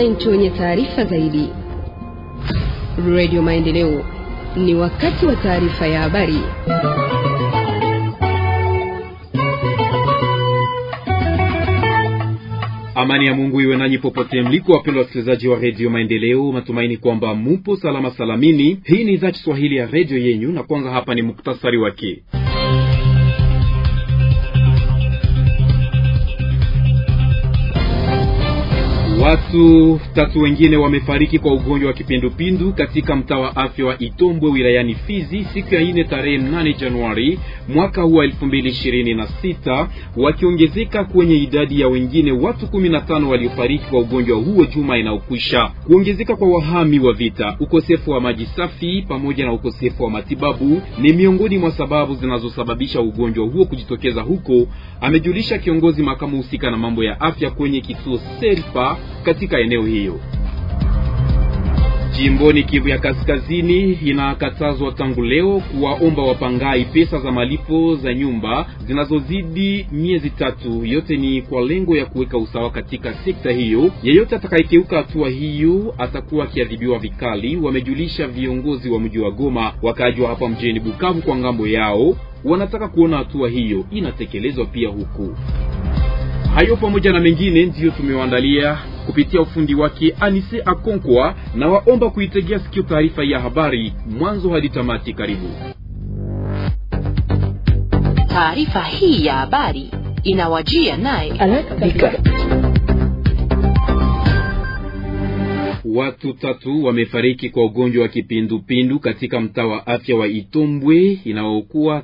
wananchi wenye taarifa zaidi. Radio Maendeleo, ni wakati wa taarifa ya habari. Amani ya Mungu iwe nanyi popote mliko, wapendwa wasikilizaji wa redio Maendeleo. Matumaini kwamba mupo salama salamini. Hii ni idhaa Kiswahili ya redio yenyu, na kwanza hapa ni muktasari wake. Watu tatu wengine wamefariki kwa ugonjwa wa kipindupindu katika mtaa wa afya wa Itombwe wilayani Fizi siku ya ine tarehe 8 Januari mwaka huu wa 2026 wakiongezeka kwenye idadi ya wengine watu 15 waliofariki kwa ugonjwa huo juma inaokwisha. Kuongezeka kwa wahami wa vita, ukosefu wa maji safi pamoja na ukosefu wa matibabu ni miongoni mwa sababu zinazosababisha ugonjwa huo kujitokeza huko, amejulisha kiongozi makamu husika na mambo ya afya kwenye kituo Selpa katika eneo hiyo. Jimboni Kivu ya Kaskazini inakatazwa tangu leo kuwaomba wapangai pesa za malipo za nyumba zinazozidi miezi tatu. Yote ni kwa lengo ya kuweka usawa katika sekta hiyo. Yeyote atakayekeuka hatua hiyo atakuwa akiadhibiwa vikali, wamejulisha viongozi wa mji wa Goma. Wakaaji wa hapa mjini Bukavu kwa ngambo yao wanataka kuona hatua hiyo inatekelezwa pia huku. Hayo pamoja na mengine ndiyo tumewaandalia kupitia ufundi wake Anise Akonkwa, na waomba kuitegea sikio taarifa ya habari mwanzo hadi tamati. Karibu. Taarifa hii ya habari inawajia naye Watu tatu wamefariki kwa ugonjwa wa kipindupindu katika mtaa wa afya wa Itombwe inayokuwa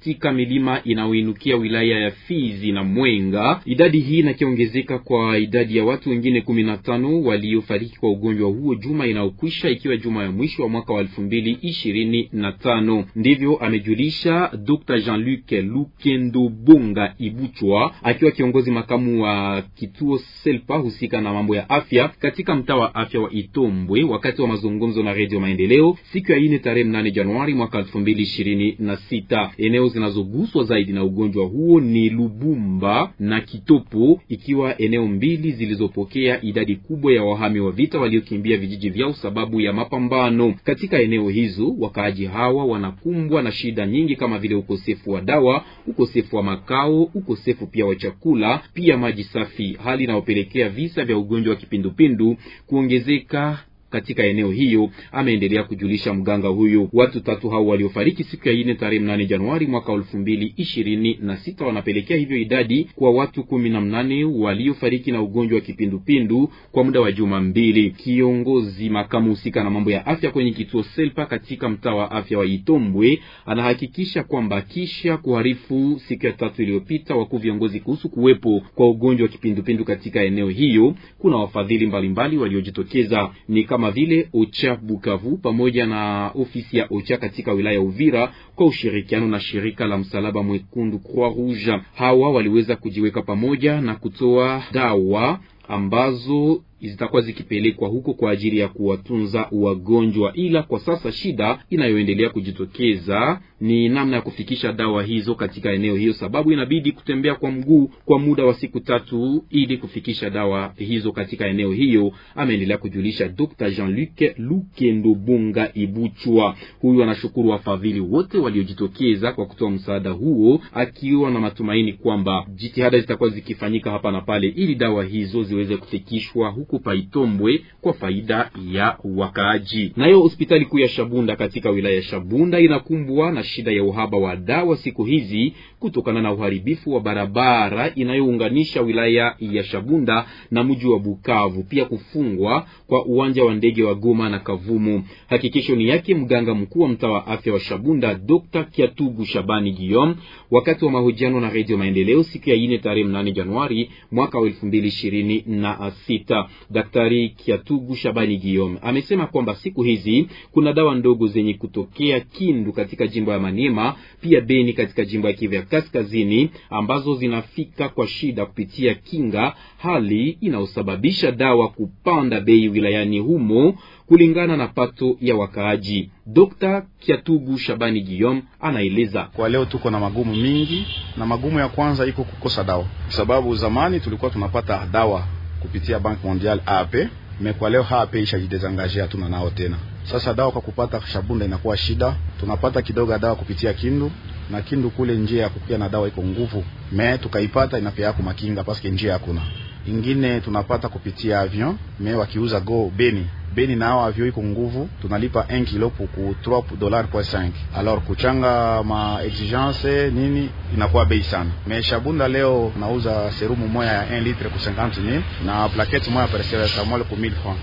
katika milima inayoinukia wilaya ya Fizi na Mwenga. Idadi hii inakiongezeka kwa idadi ya watu wengine kumi na tano waliofariki kwa ugonjwa huo juma inayokwisha, ikiwa juma ya mwisho wa mwaka wa elfu mbili ishirini na tano. Ndivyo amejulisha Dr. Jean-Luc Lukendobonga Ibuchwa akiwa kiongozi makamu wa kituo Selpa husika na mambo ya afya katika mtaa wa afya wa Itombwe wakati wa mazungumzo na Radio Maendeleo siku ya ine tarehe 8 Januari mwaka 2026 eneo zinazoguswa zaidi na ugonjwa huo ni Lubumba na Kitopo, ikiwa eneo mbili zilizopokea idadi kubwa ya wahami wa vita waliokimbia vijiji vyao sababu ya mapambano. Katika eneo hizo, wakaaji hawa wanakumbwa na shida nyingi kama vile ukosefu wa dawa, ukosefu wa makao, ukosefu pia wa chakula, pia maji safi, hali inayopelekea visa vya ugonjwa wa kipindupindu kuongezeka katika eneo hiyo, ameendelea kujulisha mganga huyo. Watu tatu hao waliofariki siku ya ine tarehe mnane Januari mwaka elfu mbili ishirini na sita wanapelekea hivyo idadi kwa watu kumi na mnane waliofariki na ugonjwa wa kipindupindu kwa muda wa juma mbili. Kiongozi makamu husika na mambo ya afya kwenye kituo Selpa katika mtaa wa afya wa Itombwe anahakikisha kwamba kisha kuharifu siku ya tatu iliyopita wakuu viongozi kuhusu kuwepo kwa ugonjwa wa kipindupindu katika eneo hiyo, kuna wafadhili mbalimbali waliojitokeza ni kama kama vile OCHA Bukavu pamoja na ofisi ya OCHA katika wilaya ya Uvira kwa ushirikiano na shirika la Msalaba Mwekundu Croix Rouge. Hawa waliweza kujiweka pamoja na kutoa dawa ambazo zitakuwa zikipelekwa huko kwa ajili ya kuwatunza wagonjwa. Ila kwa sasa shida inayoendelea kujitokeza ni namna ya kufikisha dawa hizo katika eneo hiyo, sababu inabidi kutembea kwa mguu kwa muda wa siku tatu ili kufikisha dawa hizo katika eneo hiyo, ameendelea kujulisha Dr. Jean-Luc Lukendo Bunga Ibuchwa. Huyu anashukuru wafadhili wote waliojitokeza kwa kutoa msaada huo, akiwa na matumaini kwamba jitihada zitakuwa zikifanyika hapa na pale ili dawa hizo ziweze kufikishwa huko huku paitombwe kwa faida ya wakaaji. Nayo hospitali kuu ya Shabunda katika wilaya ya Shabunda inakumbwa na shida ya uhaba wa dawa siku hizi kutokana na uharibifu wa barabara inayounganisha wilaya ya Shabunda na mji wa Bukavu, pia kufungwa kwa uwanja wa ndege wa Goma na Kavumu. Hakikisho ni yake mganga mkuu wa mtaa wa afya wa Shabunda Dr. Kiatugu Shabani Guillaume wakati wa mahojiano na Radio Maendeleo siku ya 4 tarehe 8 Januari mwaka wa 2026. Daktari Kiatugu Shabani Guillaume amesema kwamba siku hizi kuna dawa ndogo zenye kutokea Kindu katika jimbo ya Maniema, pia Beni katika jimbo ya Kivu ya Kaskazini, ambazo zinafika kwa shida kupitia kinga, hali inayosababisha dawa kupanda bei wilayani humo kulingana na pato ya wakaaji. Dr. Kiatugu Shabani Guillaume anaeleza kwa leo tuko na magumu mingi, na magumu ya kwanza iko kukosa dawa, sababu zamani tulikuwa tunapata dawa kupitia Bank Mondial AP me kwa leo hapa e ishajidezangajea hatuna nao tena. Sasa dawa kwa kupata Shabunda inakuwa shida, tunapata kidogo dawa kupitia Kindu na Kindu kule njia ya na dawa iko nguvu, me tukaipata inapea yako makinga paske njia hakuna ingine, tunapata kupitia avion me wakiuza go Beni Beni na hao avyo iko nguvu, tunalipa 1 kilo puku 3 dollar kwa 5. Alors kuchanga ma exigence nini inakuwa bei sana. Me Shabunda leo nauza serumu moya ya 1 litre ku 50 000 na plaquette moya ya paracetamol ku 1000 francs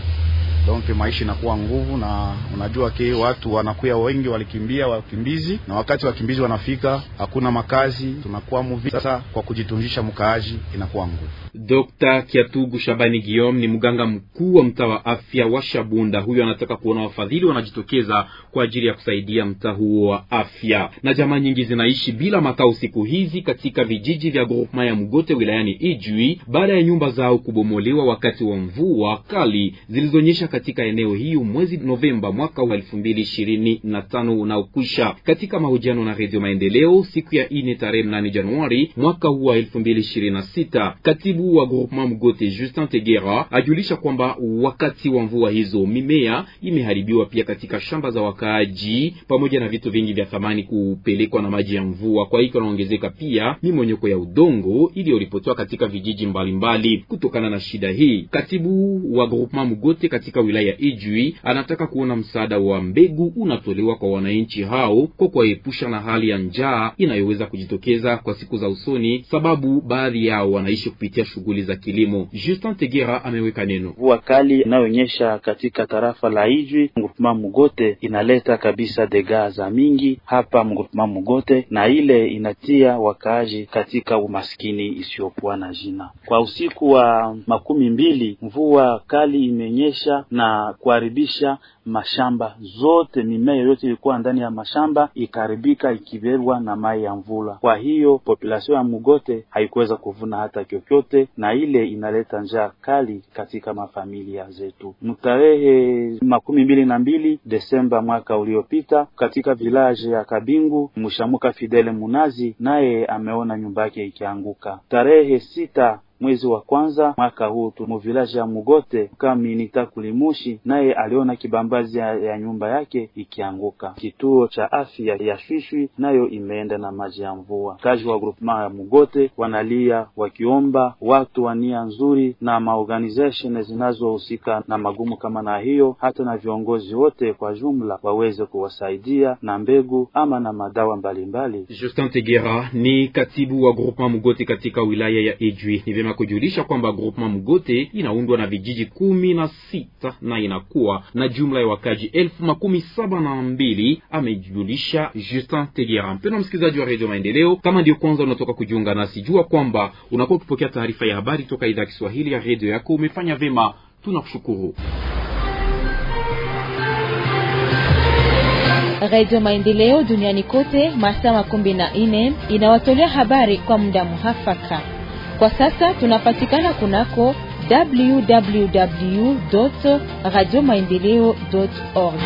donc maisha inakuwa nguvu, na unajua ke watu wanakuya wengi, walikimbia wakimbizi, na wakati wakimbizi wanafika hakuna makazi, tunakuwa muvi. Sasa kwa kujitunjisha mkaaji inakuwa nguvu. Dr. Kiatugu Shabani Guillaume ni mganga mkuu wa mtaa wa afya wa Shabunda. Huyo anataka kuona wafadhili wanajitokeza kwa ajili ya kusaidia mtaa huo wa afya. Na jamaa nyingi zinaishi bila makao siku hizi katika vijiji vya groupema ya Mgote wilayani Ijwi baada ya nyumba zao kubomolewa wakati wa mvua kali zilizonyesha katika eneo hiyo mwezi Novemba mwaka wa elfu mbili ishirini na tano unaokwisha. Katika mahojiano na Redio Maendeleo siku ya ine tarehe mnane Januari mwaka huu wa elfu mbili ishirini na sita katibu wa groupement Mgote Justin Tegera ajulisha kwamba wakati wa mvua hizo mimea imeharibiwa pia katika shamba za wakaaji pamoja na vitu vingi vya thamani kupelekwa na maji ya mvua. Kwa hiyo kunaongezeka pia mimonyoko ya udongo iliyoripotiwa katika vijiji mbalimbali mbali. Kutokana na shida hii, katibu wa groupement Mgote katika wilaya Ijwi anataka kuona msaada wa mbegu unatolewa kwa wananchi hao kwa kuwaepusha na hali ya njaa inayoweza kujitokeza kwa siku za usoni, sababu baadhi yao wanaishi kupitia shughuli za kilimo. Justin Tegera ameweka neno. Mvua kali inayoonyesha katika tarafa la Ijwi Ngupuma Mugote inaleta kabisa dega za mingi hapa Ngupuma Mugote, na ile inatia wakaaji katika umaskini isiyokuwa na jina. Kwa usiku wa makumi mbili mvua kali imenyesha na kuharibisha mashamba zote. Mimea yoyote ilikuwa ndani ya mashamba ikaharibika, ikibebwa na mai ya mvula. Kwa hiyo population ya Mugote haikuweza kuvuna hata kyokyote, na ile inaleta njaa kali katika mafamilia zetu. Mtarehe makumi mbili na mbili Desemba mwaka uliopita, katika vilaje ya Kabingu, mshamuka Fidele Munazi naye ameona nyumba yake ikianguka. Tarehe sita mwezi wa kwanza mwaka huu muvilaji ya Mugote kaminita kulimushi, naye aliona kibambazi ya, ya nyumba yake ikianguka. Kituo cha afya ya Shwishwi nayo imeenda na maji ya mvua. Kazi wa groupement ya Mugote wanalia wakiomba watu wa nia nzuri na maorganization zinazohusika na magumu kama na hiyo, hata na viongozi wote kwa jumla waweze kuwasaidia na mbegu ama na madawa mbalimbali Justin Tegera ni katibu wa groupement Mugote katika wilaya ya Ijwi na kujulisha kwamba groupement Mgote inaundwa na vijiji kumi na sita na inakuwa na jumla ya wakaji elfu makumi saba na mbili, amejulisha Justin Tegera. Mpendwa msikilizaji wa Radio Maendeleo, kama ndio kwanza unatoka kujiunga nasi, jua kwamba unakuwa ukipokea taarifa ya habari toka idhaa ya Kiswahili ya redio yako. Umefanya vyema, tunakushukuru. Radio Maendeleo duniani kote masaa makumi na nne inawatolea habari kwa muda muhafaka. Kwa sasa tunapatikana kunako www radio maendeleo org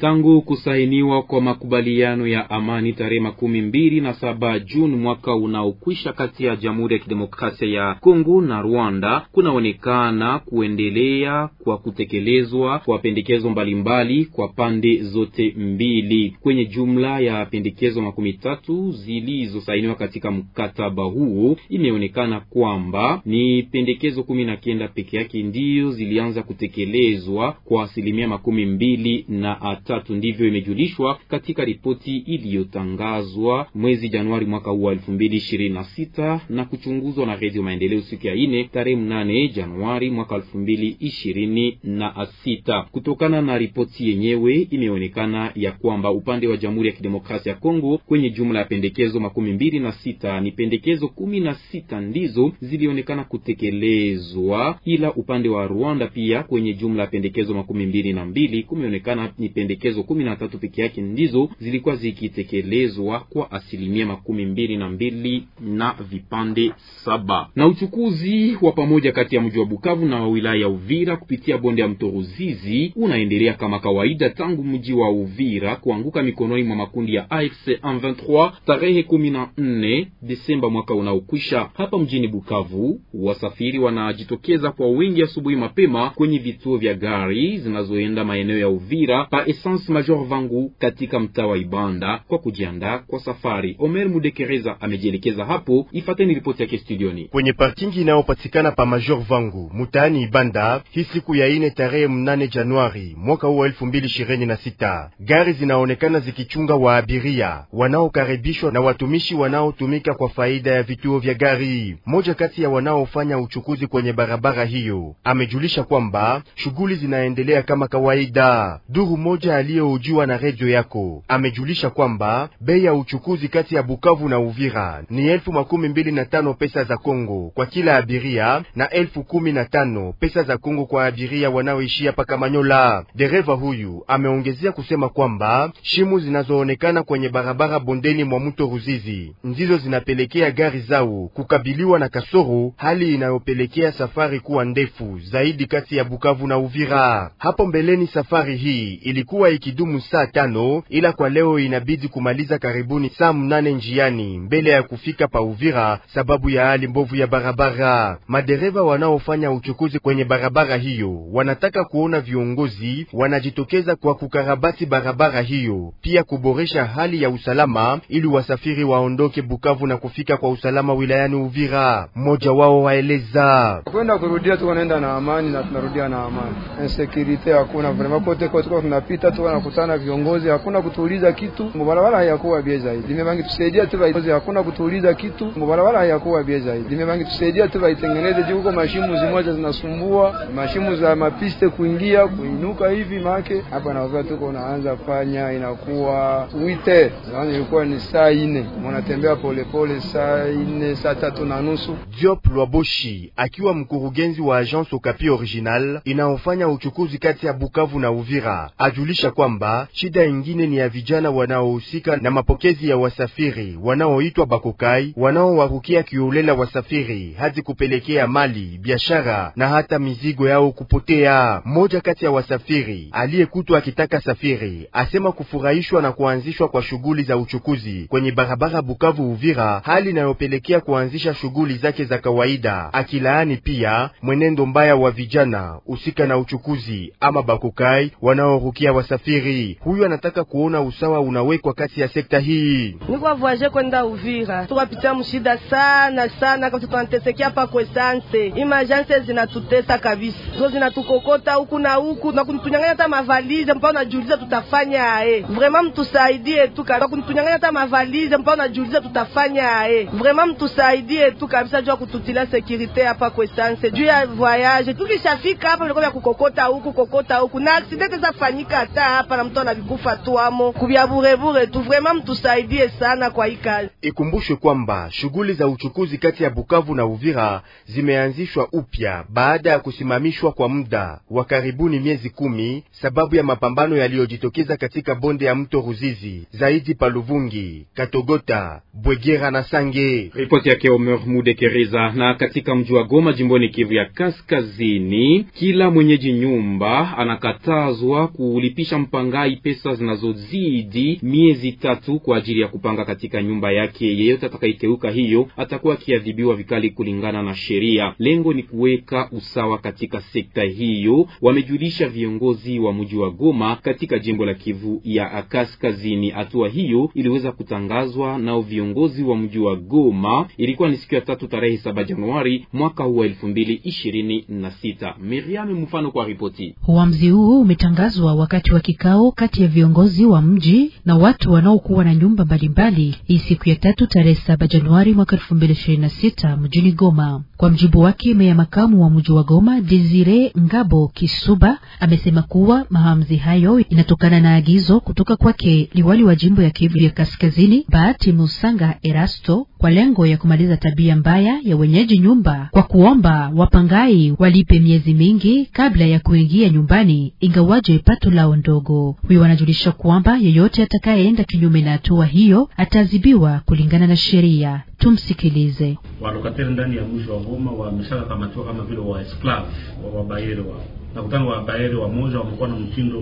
tangu kusainiwa kwa makubaliano ya amani tarehe makumi mbili na saba Juni mwaka unaokwisha kati ya Jamhuri ya Kidemokrasia ya Kongo na Rwanda, kunaonekana kuendelea kwa kutekelezwa kwa pendekezo mbalimbali kwa pande zote mbili. Kwenye jumla ya pendekezo makumi tatu zilizosainiwa katika mkataba huo, imeonekana kwamba ni pendekezo kumi na kenda peke yake ndiyo zilianza kutekelezwa kwa asilimia makumi mbili na tatu. Ndivyo imejulishwa katika ripoti iliyotangazwa mwezi Januari mwaka huu wa elfu mbili ishirini na sita na kuchunguzwa na Redio Maendeleo siku ya nne tarehe mnane Januari mwaka elfu mbili ishirini na sita. Kutokana na ripoti yenyewe imeonekana ya kwamba upande wa Jamhuri ya Kidemokrasia ya Kongo kwenye jumla ya pendekezo makumi mbili na sita ni pendekezo kumi na sita ndizo zilionekana kutekelezwa, ila upande wa Rwanda pia kwenye jumla ya pendekezo makumi mbili na mbili kumeonekana ni pendekezo pendekezo kumi na tatu peke yake ndizo zilikuwa zikitekelezwa kwa asilimia makumi mbili na mbili na vipande saba. Na uchukuzi wa pamoja kati ya mji wa Bukavu na wilaya ya Uvira kupitia bonde ya mto Ruzizi unaendelea kama kawaida tangu mji wa Uvira kuanguka mikononi mwa makundi ya AFC M23 tarehe 14 Desemba mwaka unaokwisha. Hapa mjini Bukavu, wasafiri wanajitokeza kwa wingi asubuhi mapema kwenye vituo vya gari zinazoenda maeneo ya Uvira pa Constance Major Vangu katika mtaa wa Ibanda kwa kujiandaa kwa safari. Omer Mudekereza amejielekeza hapo, ifateni ripoti yake studioni. Kwenye parkingi inayopatikana pa Major Vangu mtaani Ibanda, hii siku ya ine tarehe mnane Januari mwaka huu wa elfu mbili ishirini na sita gari zinaonekana zikichunga waabiria wanaokaribishwa na watumishi wanaotumika kwa faida ya vituo vya gari. Moja kati ya wanaofanya uchukuzi kwenye barabara hiyo amejulisha kwamba shughuli zinaendelea kama kawaida. Duru moja aliyehojiwa na redio yako amejulisha kwamba bei ya uchukuzi kati ya Bukavu na Uvira ni elfu makumi mbili na tano pesa za Kongo kwa kila abiria na elfu kumi na tano pesa za Kongo kwa abiria wanaoishi hapa Kamanyola. Dereva huyu ameongezea kusema kwamba shimu zinazoonekana kwenye barabara bondeni mwa mto Ruzizi ndizo zinapelekea gari zao kukabiliwa na kasoro, hali inayopelekea safari kuwa ndefu zaidi kati ya Bukavu na Uvira. Hapo mbeleni safari hii ilikuwa ilikuwa ikidumu saa tano, ila kwa leo inabidi kumaliza karibuni saa mnane njiani mbele ya kufika pa Uvira sababu ya hali mbovu ya barabara. Madereva wanaofanya uchukuzi kwenye barabara hiyo wanataka kuona viongozi wanajitokeza kwa kukarabati barabara hiyo, pia kuboresha hali ya usalama ili wasafiri waondoke Bukavu na kufika kwa usalama wilayani Uvira. Mmoja wao waeleza kwenda kurudia, wanaenda na amani na tunarudia na amani, insekurite hakuna vrema, kote kote tunapita watu wanakutana viongozi, hakuna kutuuliza kitu, mubarabara hayakuwa bie zaidi limebangi tusaidia tu viongozi, hakuna kutuuliza kitu, mubarabara hayakuwa bie zaidi limebangi tusaidia tu vaitengeneze juu huko mashimu zimoja zinasumbua, mashimu za mapiste kuingia kuinuka hivi make hapa na tuko naanza fanya inakuwa wite yani, ilikuwa ni saa ine munatembea polepole, saa ine saa tatu na nusu. Job Lwaboshi akiwa mkurugenzi wa agence Okapi original inaofanya uchukuzi kati ya Bukavu na Uvira ajulisha kujulisha kwamba shida ingine ni ya vijana wanaohusika na mapokezi ya wasafiri wanaoitwa bakokai, wanaowarukia kiolela wasafiri hadi kupelekea mali, biashara na hata mizigo yao kupotea. Mmoja kati ya wasafiri aliyekutwa akitaka safiri asema kufurahishwa na kuanzishwa kwa shughuli za uchukuzi kwenye barabara Bukavu Uvira, hali inayopelekea kuanzisha shughuli zake za kawaida, akilaani pia mwenendo mbaya wa vijana husika na uchukuzi ama bakokai wanaorukia wasafiri. Huyu anataka kuona usawa unawekwa kati ya sekta hii. Nikuwa voyage kwenda Uvira tukapitia mshida sana sana, tukatesekea hapa kwa sante, imajanse zinatutesa kabisa, zo zinatukokota huku na huku na kunitunyang'anya hata mavalize, mpao, unajiuliza tutafanya aye. vrema, mtusaidie tu kabisa, kunitunyang'anya hata mavalize, mpao, unajiuliza tutafanya aye. vrema, mtusaidie tu kabisa jua kututila sekirite hapa kwesanse juu ya voyage tukishafika hapa, vya kukokota huku kokota huku na aksidente zafanyika hata hapa na mtu anavikufa tu amo kubya bure tu. Vraiment mtusaidie sana kwa hii kazi. Ikumbushwe kwamba shughuli za uchukuzi kati ya Bukavu na Uvira zimeanzishwa upya baada ya kusimamishwa kwa muda wa karibuni miezi kumi sababu ya mapambano yaliyojitokeza katika bonde ya mto Ruzizi, zaidi Paluvungi, Katogota, Bwegera na Sange. Ripoti yake Omer Mudekereza. Na katika mji wa Goma jimboni Kivu ya Kaskazini, kila mwenyeji nyumba anakatazwa kulipisha alimrudisha mpangaji pesa zinazozidi miezi tatu kwa ajili ya kupanga katika nyumba yake. Yeyote atakayekeuka hiyo atakuwa akiadhibiwa vikali kulingana na sheria. Lengo ni kuweka usawa katika sekta hiyo, wamejulisha viongozi wa mji wa Goma katika jimbo la Kivu ya Kaskazini. Hatua hiyo iliweza kutangazwa nao viongozi wa mji wa Goma, ilikuwa ni siku ya tatu tarehe saba Januari mwaka huu wa elfu mbili ishirini na sita. Miriam mfano kwa ripoti. Uamuzi huu umetangazwa wakati wa wa kikao kati ya viongozi wa mji na watu wanaokuwa na nyumba mbalimbali hii siku ya tatu tarehe saba Januari mwaka elfu mbili ishirini na sita mjini Goma. Kwa mjibu wake meya makamu wa mji wa Goma Desire Ngabo Kisuba amesema kuwa mahamzi hayo inatokana na agizo kutoka kwake liwali wa jimbo ya Kivu ya Kaskazini Bahati Musanga Erasto kwa lengo ya kumaliza tabia mbaya ya wenyeji nyumba kwa kuomba wapangai walipe miezi mingi kabla ya kuingia nyumbani, ingawaje pato lao ndogo. Huyo wanajulisha kwamba yeyote atakayeenda kinyume na hatua hiyo ataadhibiwa kulingana na sheria. Tumsikilize. walokateri ndani ya mwisho wa ngoma wameshakakamatiwa kama vile waesklavu wa wabayere wa nakutana wabayere wamoja wamekuwa na mtindo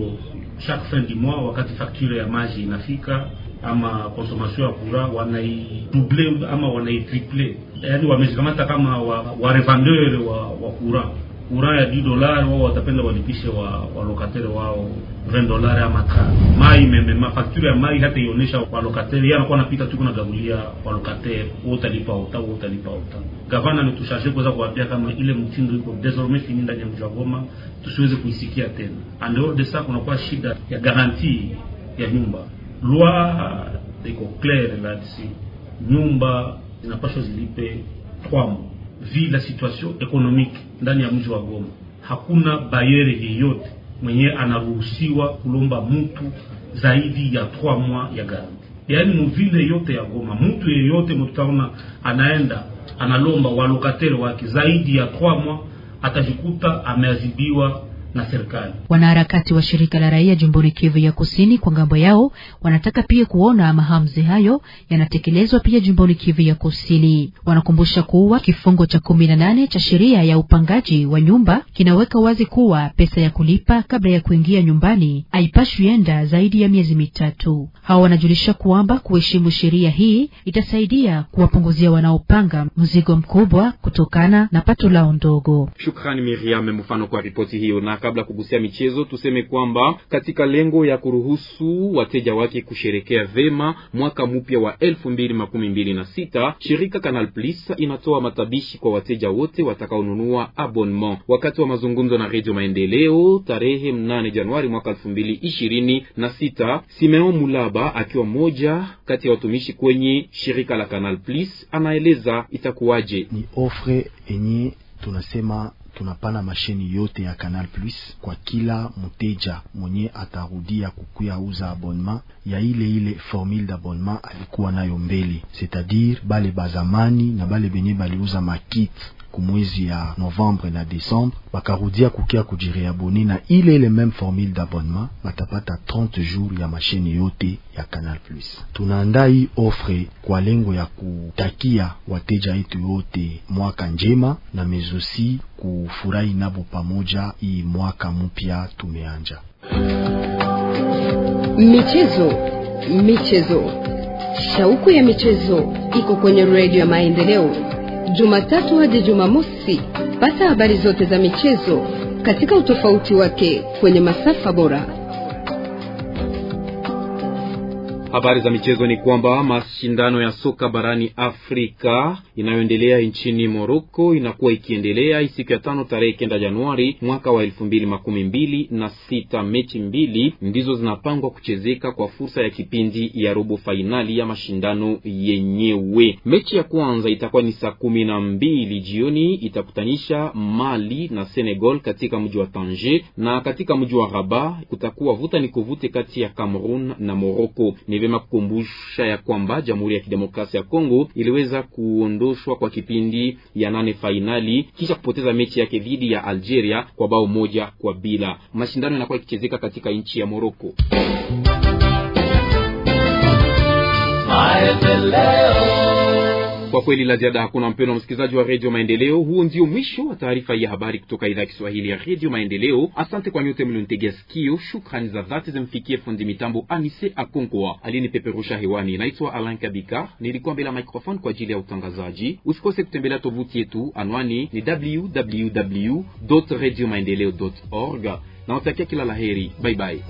chaque fin du mois, wakati fakture ya maji inafika ama consommation ya courant wanaidouble ama wanaitriple, yaani wamezikamata kama warevendeur wa, wa, wa kura kura ya 10 dollars, wao watapenda walipishe wa walokateri wao 20 dollars ama ta mai meme mafakturi ya mai, hata ionyesha walokateri yeye anakuwa napita tu, kuna gabulia kwa lokateri wewe utalipa uta, wewe utalipa uta. Gavana ni ametushaje kuweza kuwaambia kama ile mtindo iko désormais fini ndani ya mji Goma, tusiweze kuisikia tena. And all the sa kuna kwa shida ya garantie ya nyumba Loi uh, iko claire là nyumba zinapashwa zilipe kwamo. Vi la situation economique ndani ya mji wa Goma, hakuna bayere yeyote mwenye anaruhusiwa kulomba mtu zaidi ya 3 mwa ya garanti, yaani muvile yote ya Goma, mtu yeyote mtaona anaenda analomba walokatere wake zaidi ya 3 mwa atajikuta ameazibiwa na serikali. Wanaharakati wa shirika la raia jimboni Kivu ya Kusini kwa ngambo yao wanataka pia kuona mahamzi hayo yanatekelezwa pia jimboni Kivu ya Kusini. Wanakumbusha kuwa kifungo cha kumi na nane cha sheria ya upangaji wa nyumba kinaweka wazi kuwa pesa ya kulipa kabla ya kuingia nyumbani haipashwi enda zaidi ya miezi mitatu. Hawa wanajulisha kwamba kuheshimu sheria hii itasaidia kuwapunguzia wanaopanga mzigo mkubwa kutokana na pato lao ndogo. Shukrani Miriam, mfano kwa ripoti hiyo na kabla kugusia michezo, tuseme kwamba katika lengo ya kuruhusu wateja wake kusherekea vema mwaka mpya wa elfu mbili makumi mbili na sita shirika Canal Plus inatoa matabishi kwa wateja wote watakaonunua abonnement. Wakati wa mazungumzo na Redio Maendeleo tarehe 8 Januari mwaka elfu mbili ishirini na sita, Simeon Mulaba akiwa mmoja kati ya watumishi kwenye shirika la Canal Plus anaeleza itakuwaje ni ofre enye tunasema tunapana masheni yote ya Canal Plus kwa kila mteja mwenye atarudia kukuya uza abonnement ya ile ile formule d'abonnement alikuwa nayo mbele, c'est-à-dire bale bazamani na bale benye baliuza makit kumwezi ya Novembre na Decembre, bakarudia kukia kujireabone na ile ile meme formule d'abonnement, batapata 30 jours ya mashine yote ya Canal Plus. Tunaandaa hii ofre kwa lengo ya kutakia wateja yetu yote mwaka njema na mezosi kufurahi nabo pamoja hii mwaka mpya tumeanja. Michezo, michezo, shauku ya michezo iko kwenye redio ya Maendeleo Jumatatu hadi Jumamosi. Pata habari zote za michezo katika utofauti wake kwenye masafa bora. Habari za michezo ni kwamba mashindano ya soka barani Afrika inayoendelea nchini Moroko inakuwa ikiendelea siku ya tano tarehe kenda Januari mwaka wa elfu mbili makumi mbili na sita. Mechi mbili ndizo zinapangwa kuchezeka kwa fursa ya kipindi ya robo fainali ya mashindano yenyewe. Mechi ya kwanza itakuwa ni saa kumi na mbili jioni, itakutanisha Mali na Senegal katika mji wa Tanger, na katika mji wa Rabat kutakuwa vuta ni kuvute kati ya Cameroon na Moroko vyema kukumbusha ya kwamba Jamhuri ya Kidemokrasia ya Kongo iliweza kuondoshwa kwa kipindi ya nane fainali kisha kupoteza mechi yake dhidi ya Algeria kwa bao moja kwa bila. Mashindano yanakuwa yakichezeka katika nchi ya Moroko. Kwa kweli la ziada hakuna, mpendo wa msikilizaji wa redio Maendeleo. Huu ndio mwisho wa taarifa ya habari kutoka idhaa ya Kiswahili ya redio Maendeleo. Asante kwa nyote mliontegea sikio. Shukrani za dhati zimfikie fundi mitambo Anise Akonkwa aliyenipeperusha hewani. Naitwa alan Kabika, nilikuwa mbele ya microphone kwa ajili ya utangazaji. Usikose kutembelea tovuti yetu, anwani ni www radio maendeleo org. watakia kila laheri, baibai.